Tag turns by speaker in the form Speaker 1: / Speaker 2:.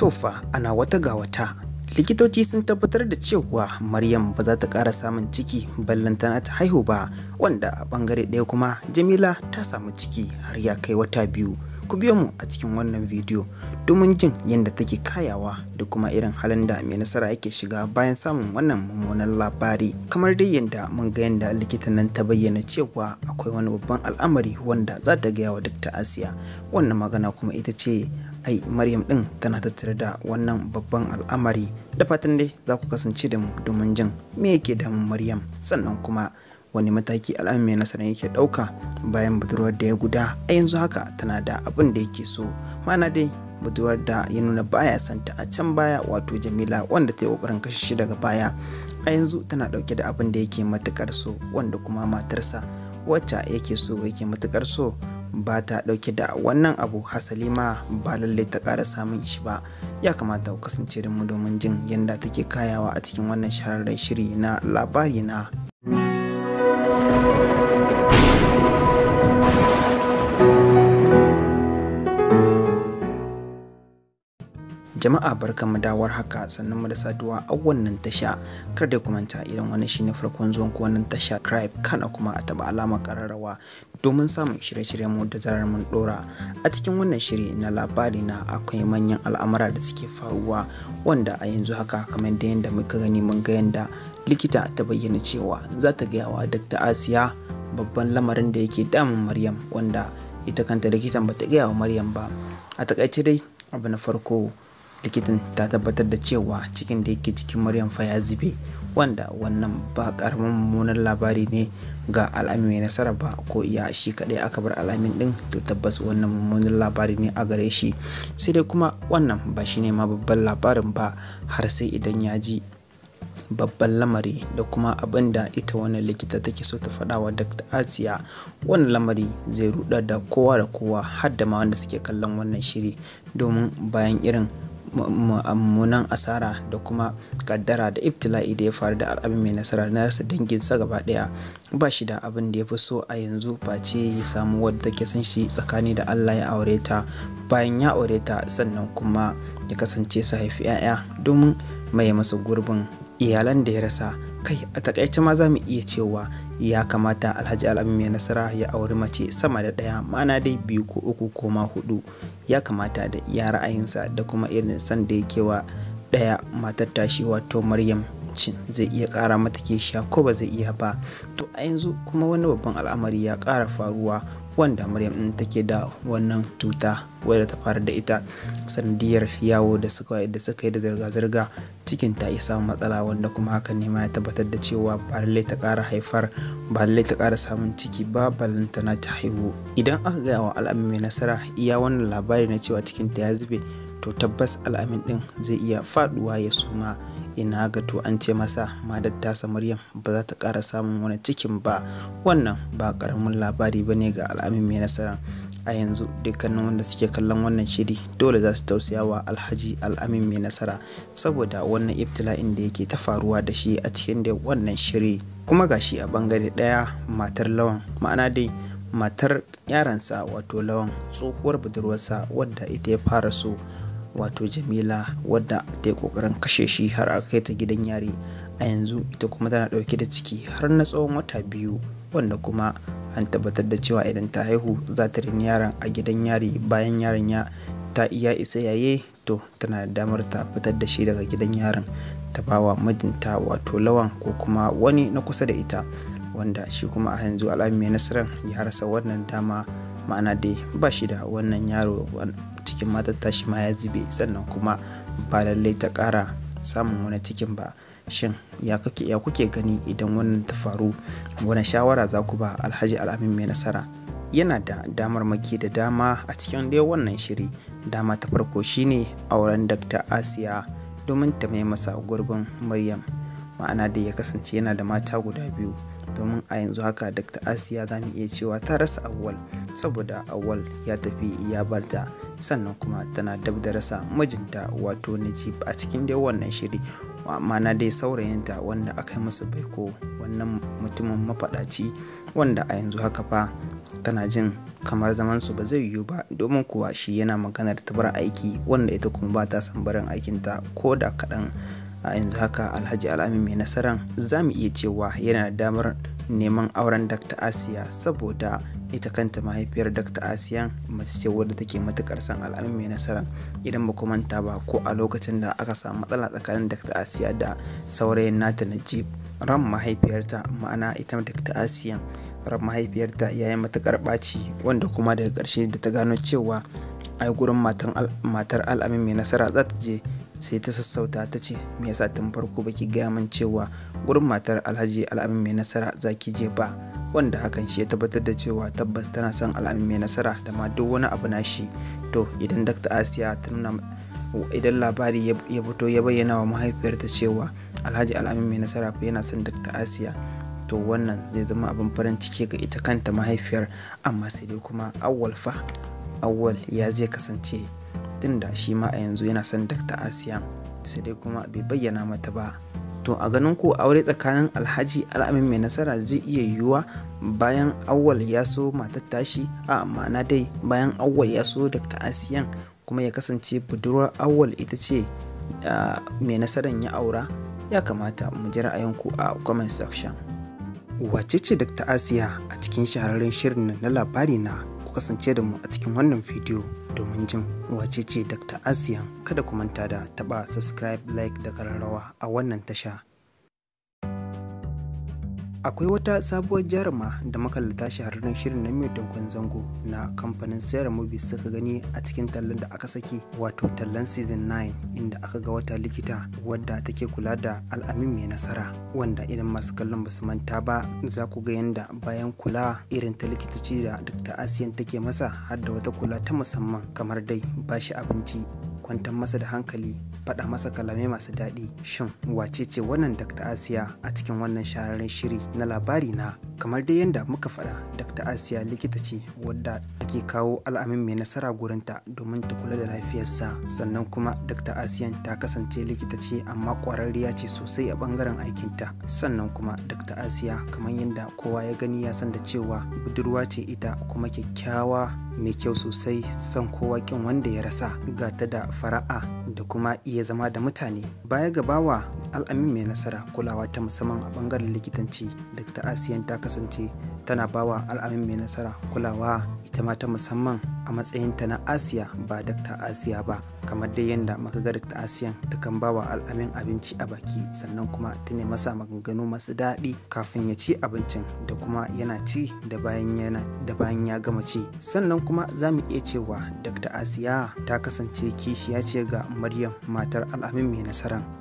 Speaker 1: tofa ana wata ga wata likitoci sun tabbatar da cewa maryam ba za ta ƙara samun ciki ballantana ta haihu ba wanda a ɓangare ɗaya kuma jamila ta samu ciki har ya kai wata biyu ku biyo mu a cikin wannan bidiyo domin jin yadda take kayawa da kuma irin halin da mai nasara yake shiga bayan samun wannan mummunan labari kamar dai yadda mun ga yadda likitan nan ta bayyana cewa akwai wani babban al'amari wanda za ta gaya wa dakta asiya wannan magana kuma ita ce ai maryam ɗin tana tattare da wannan babban al'amari da fatan dai za ku kasance da mu domin jin me yake damun maryam sannan kuma wani mataki al'amari mai nasara yake ɗauka bayan budurwar da ya guda a yanzu haka tana da abin da yake so mana dai budurwar da ya nuna baya santa a can baya wato jamila wanda ta yi kokarin kashe shi daga baya a yanzu tana ɗauke da abin da yake matukar so wanda kuma matarsa wacce yake so yake matukar so ba ta ɗauke da wannan abu hasali ma ba lallai ta ƙara samun shi ba ya kamata ku kasance da mu domin jin yadda take kayawa a cikin wannan shahararren shiri na labari na Jama'a barkanmu da war haka sannan mu da saduwa a wannan tasha kar da kumanta idan wani shine farkon zuwan ku wannan tasha cribe kana kuma a taba alama kararrawa domin samun shirye-shiryen mu da zarar mun dora a cikin wannan shiri na labari na akwai manyan al'amura da suke faruwa wanda a yanzu haka kamar da yadda muka gani mun ga yanda likita ta bayyana cewa za ta gaya wa Dr. Asiya babban lamarin da yake damun Maryam wanda ita kanta likitan ba ta gaya wa Maryam ba a takaice dai abu na farko likitan ta tabbatar da cewa cikin da yake cikin maryam fa ya zube wanda wannan ba karamin mummunan labari ne ga al'ami mai nasara ba ko iya shi kadai aka bar alamin din to tabbas wannan mummunan labari ne a gare shi sai dai kuma wannan ba shine ma babban labarin ba har sai idan ya ji babban lamari da kuma abin da ita wannan likita take so ta faɗa wa dr asiya wannan lamari zai ruɗa da kowa da kowa har da ma wanda suke kallon wannan shiri domin bayan irin mummunan asara da kuma kaddara da ibtila'i da ya faru da al'abi mai nasara na rasa danginsa gaba daya ba shi da abin da ya fi so a yanzu face ya samu wadda take son shi tsakani da allah ya aure ta bayan ya aure ta sannan kuma ya kasance su haifi 'ya'ya domin mai masa gurbin iyalan da ya rasa kai a takaice ma za mu iya cewa ya kamata alhaji alamin mai nasara ya auri mace sama da ɗaya mana dai biyu ko uku ko ma hudu ya kamata da iya ra'ayinsa da kuma irin san da yake wa ɗaya matar tashi wato maryam cin zai iya kara mata kishiya ko ba zai iya ba to a yanzu kuma wani babban al'amari ya kara faruwa wanda Maryam ɗin take da wannan cuta wadda ta fara da ita sanadiyar yawo da suka da yi da zirga-zirga cikin ta isa matsala wanda kuma haka ne ma ya tabbatar da cewa ba lallai ta kara haifar ba lallai ta kara samun ciki ba balin ta na ta haihu idan aka gaya wa al'amin mai nasara iya wannan labari na cewa cikin ta ya zube to tabbas al'amin ɗin zai iya faɗuwa ya suma ina ga to an ce masa madar tasa maryam ba za ta ƙara samun wani cikin ba wannan ba karamin labari ba ne ga al'amin mai nasara a yanzu dukkanin wanda suke kallon wannan shiri dole za su tausaya wa alhaji al'amin mai nasara saboda wannan ibtila'in da yake ta faruwa da shi a cikin da wannan shiri kuma ga shi a bangare daya matar lawan ma'ana dai matar yaransa wato lawan tsohuwar budurwarsa wadda ita ya fara so wato Jamila wadda ta yi kokarin kashe shi har a kai ta gidan yari a yanzu ita kuma tana dauke da ciki har na tsawon wata biyu wanda kuma an tabbatar da cewa idan ta haihu za ta rini yaron a gidan yari bayan yaron ya ta iya isa yaye to tana da damar ta fitar da shi daga gidan yaron ta bawa mijinta wato lawan ko kuma wani na kusa da ita wanda shi kuma a yanzu al'amu mai nasarar ya rasa wannan dama ma'ana dai ba shi da wannan yaro cikin matar shi ma ya zube sannan kuma ba lallai ta kara samun wani cikin ba shin ya kake ya kuke gani idan wannan ta faru wani shawara za ku ba alhaji al'amin mai nasara yana da damar maki da dama a cikin dai wannan shiri dama ta farko shine auren dr asiya domin ta mai masa gurbin maryam ma'ana da ya kasance yana da mata guda biyu domin a yanzu haka dr asiya za mu iya cewa ta rasa awwal saboda awwal ya tafi ya barta sannan kuma tana dab da rasa mijinta wato najib a cikin dai wannan shiri ma'ana dai saurayinta wanda aka yi masa baiko wannan mutumin mafaɗaci wanda a yanzu haka fa tana jin kamar zaman su ba zai yiwu ba domin kuwa shi yana maganar ta aiki wanda ita kuma ba ta san barin aikinta ko da kaɗan a yanzu haka alhaji al'ami mai nasaran za mu iya cewa yana da damar neman auren dr asiya saboda ita kanta mahaifiyar dr asiyan mace ce wadda take matukar san al'amin mai nasara idan ba manta ba ko a lokacin da aka samu matsala tsakanin dr asiya da saurayin nata najib ran mahaifiyarta ma'ana ita dr asiyan ran mahaifiyarta ya yi matukar ɓaci wanda kuma daga karshe da ta gano cewa ai gurin matar al'amin mai nasara za ta je sai ta sassauta ta ce me yasa tun farko baki gaya min cewa gurin matar alhaji al'amin mai nasara zaki je ba wanda hakan shi ya tabbatar da cewa tabbas tana son al'amin mai nasara da ma duk wani abu nashi to idan dr asiya ta nuna idan labari ya fito ya bayyana wa mahaifiyarta cewa alhaji al'amin mai nasara fa yana son dr asiya to wannan zai zama abin farin ciki ga ita kanta mahaifiyar amma sai dai kuma awwal fa awwal ya zai kasance tunda shi ma a yanzu yana son Dr. Asiya sai dai kuma bai bayyana mata ba. To a ganin ku aure tsakanin Alhaji Al'amin mai nasara zai iya yiwuwa bayan awwal ya so matar tashi a ma'ana dai bayan awwal ya so Dr. Asiyan kuma ya kasance budurwar awwal ita ce mai nasaran ya aura ya kamata mu ji ra'ayinku a comment section. Wace ce Dr. Asiya a cikin shahararren shirin na labari na ku kasance da mu a cikin wannan bidiyo. domin jin wacece ce Dr. Asiyan kada ku manta da taba subscribe like da kararrawa a wannan tasha akwai wata sabuwar jaruma da makallata shahararren shirin na mai dankon zango na kamfanin sayar movies suka gani a cikin tallan da aka saki wato tallan season 9 inda aka ga wata likita wadda take kula da al'amin mai nasara wanda idan masu kallon basu manta ba za ku ga yanda bayan kula irin ta likitoci da dr asiyan take masa har da wata kula ta musamman kamar dai bashi abinci kwantar masa da hankali faɗa masa kalamai masu daɗi shin wacece wannan dakta asiya a cikin wannan shahararren shiri na labari na kamar dai yadda muka faɗa dr asiya likita ce wadda take kawo al'amin mai nasara gurinta domin ta kula da lafiyarsa sannan kuma dr asiyan ta kasance likita ce amma ƙwararriya ce sosai a ɓangaren aikinta sannan kuma dr asiya kamar yadda kowa ya gani ya san da cewa budurwa ce ita kuma kyakkyawa mai kyau sosai san kowa kin wanda ya rasa ga ta da fara'a da kuma iya zama da mutane baya ga bawa al'amin mai nasara kulawa ta musamman a bangaren likitanci dr asiyan ta kasance tana bawa al'amin mai nasara kulawa ita ma ta musamman a matsayinta na asiya ba dr asiya ba kamar dai yadda maka ga dr asiyan ta kan bawa al'amin abinci a baki sannan kuma ta ne masa maganganu masu daɗi kafin ya ci abincin da kuma yana ci da bayan ya gama ci sannan kuma za mu iya cewa dr asiya ta kasance kishiya ce ga maryam matar al'amin mai nasara.